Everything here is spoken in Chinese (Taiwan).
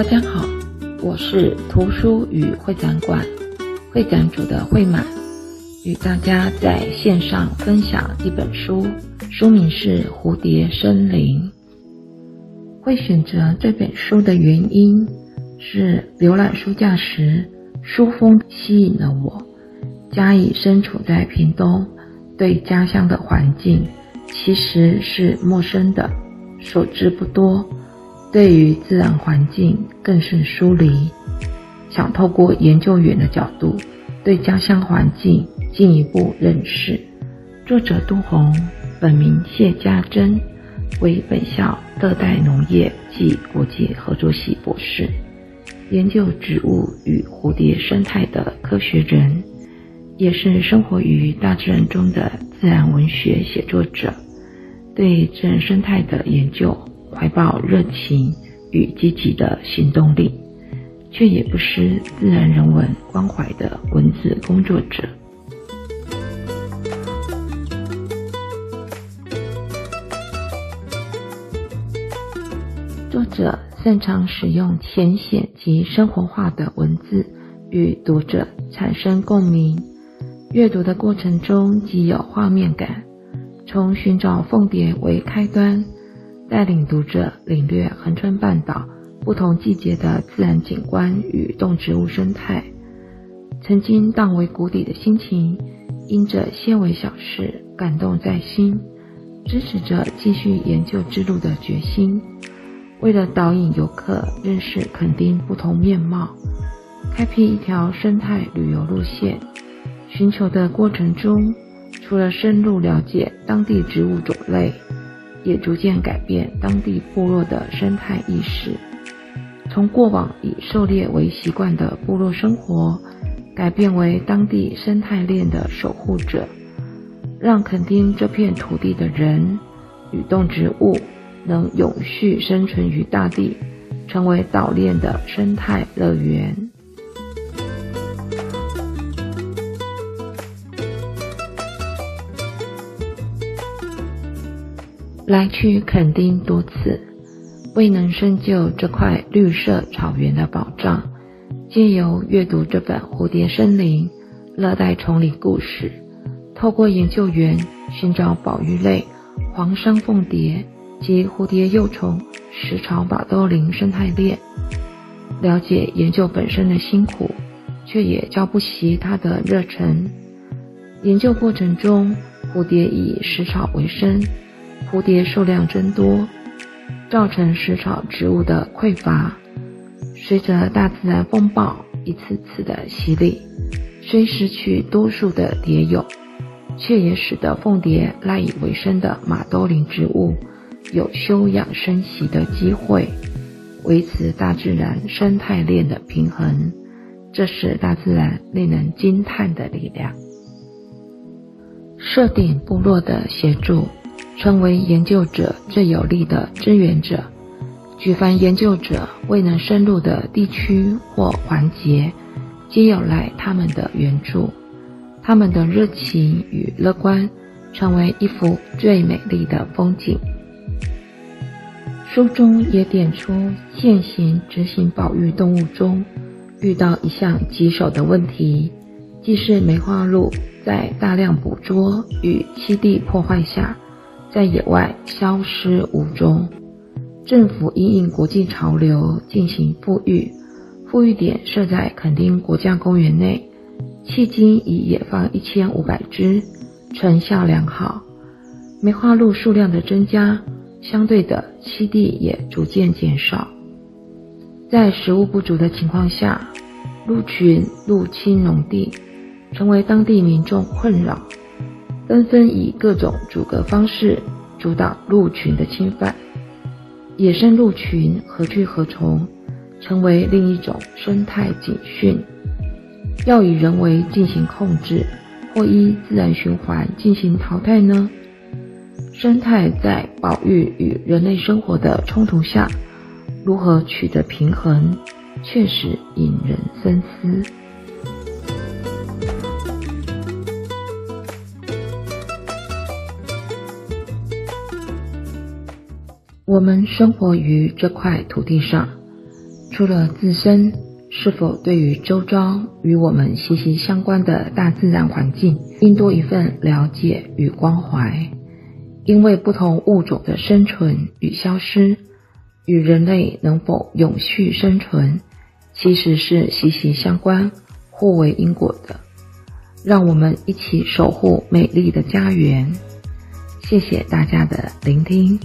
大家好，我是圖書與會展館會展組的惠滿，與大家在線上分享一本書，書名是《蝴蝶森林》。會選擇這本書的原因是，瀏覽書架時書封吸引了我。家已身處在屏東，對家鄉的環境其實是陌生的，所知不多。對於自然環境更是疏離，想透過研究員的角度，對家鄉環境進一步認識。作者杜虹，本名謝家珍，為本校熱帶農業暨國際合作系博士，研究植物與蝴蝶生態的科學人，也是生活於大自然中的自然文學寫作者，對自然生態的研究。懷抱熱情與積極的行動力，卻也不失自然人文關懷的文字工作者。作者擅長使用淺顯及生活化的文字與讀者產生共鳴，閱讀的過程中極有畫面感，從尋找鳳蝶為開端。帶領讀者領略恆春半島不同季節的自然景觀與動植物生態。曾經盪為谷底的心情，因着些微小事感動在心，支持着繼續研究之路的決心。為了導引遊客認識墾丁不同面貌，開闢一條生態旅遊路線。尋求的過程中，除了深入了解當地植物種類。也逐漸改變當地部落的生態意識，從過往以狩獵為習慣的部落生活，改變為當地生態鏈的守護者，讓墾丁這片土地的人與動植物能永續生存於大地，成為島鏈的生態樂園。來去墾丁多次，未能深究這塊綠色草原的寶藏。借由閱讀這本《蝴蝶森林：熱帶叢林故事》，透過研究員尋找保育類黃裳鳳蝶及蝴蝶幼蟲，食草馬兜鈴生態鏈了解研究本身的辛苦，卻也澆不熄它的熱忱。研究過程中，蝴蝶以食草為生。蝴蝶數量增多，造成食草植物的匱乏。隨着大自然風暴一次次的洗禮，雖失去多數的蝶蛹，卻也使得鳳蝶賴以為生的馬兜鈴植物有休養生息的機會，維持大自然生態鏈的平衡。這是大自然令人驚嘆的力量。設定部落的協助。成為研究者最有力的支援者，舉凡研究者未能深入的地區或環節，皆有賴他們的援助。他們的熱情與樂觀，成為一幅最美麗的風景。書中也點出現行執行保育動物中，遇到一項棘手的問題，即是梅花鹿在大量捕捉與棲地破壞下。在野外消失無蹤，政府因應國際潮流進行復育，復育點設在墾丁國家公園內，迄今已野放一千五百隻，成效良好。梅花鹿數量的增加，相對的棲地也逐漸減少，在食物不足的情況下，鹿群入侵農地，成為當地民眾困擾。紛紛以各種阻隔方式阻擋鹿群的侵犯，野生鹿群何去何從，成為另一種生態警訊。要以人為進行控制，或依自然循環進行淘汰呢？生態在保育與人類生活的衝突下，如何取得平衡，確實引人深思。我們生活於這塊土地上，除了自身，是否對於周遭與我們息息相關的大自然環境，應多一份了解與關懷？因為不同物種的生存與消失，與人類能否永續生存，其實是息息相關、互為因果的。讓我們一起守護美麗的家園。謝謝大家的聆聽。